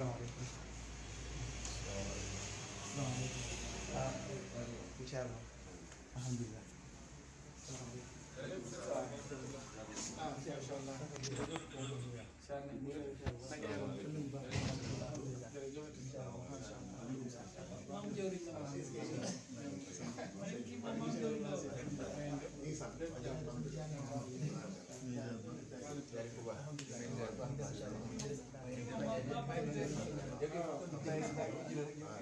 Assalamualaikum. Assalamualaikum. Alhamdulillah. Alhamdulillah. Thank you.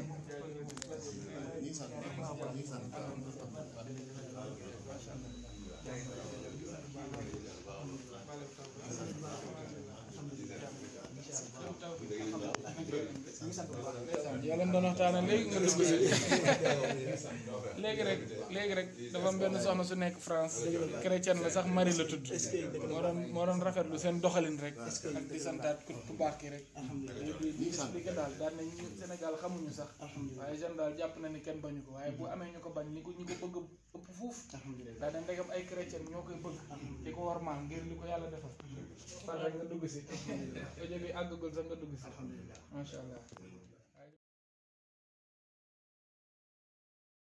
yàlla doon waxtaanee léegi nga dugg si léegi rek léegi rek dafa am benn soxna su nekk France chrétienne la sax Marie la tudd moo doon moo doon rafetlu seen doxalin rek ak di santaat ku ku baax ki rek di expliqué daal nañ Sénégal xamuñu sax waaye jeune daal jàpp na ni kenn bañu ko waaye bu amee ñu ko bañ ni ko ñu ko bëgg ëpp fuuf daa ndegam ay chrétien ñoo koy bëgg di ko war maa ngir li ko yàlla defal fan rek nga dugg si. alhamdulilah rajo bi àggagul sax nga dugg si. alhamdulilah macha allah.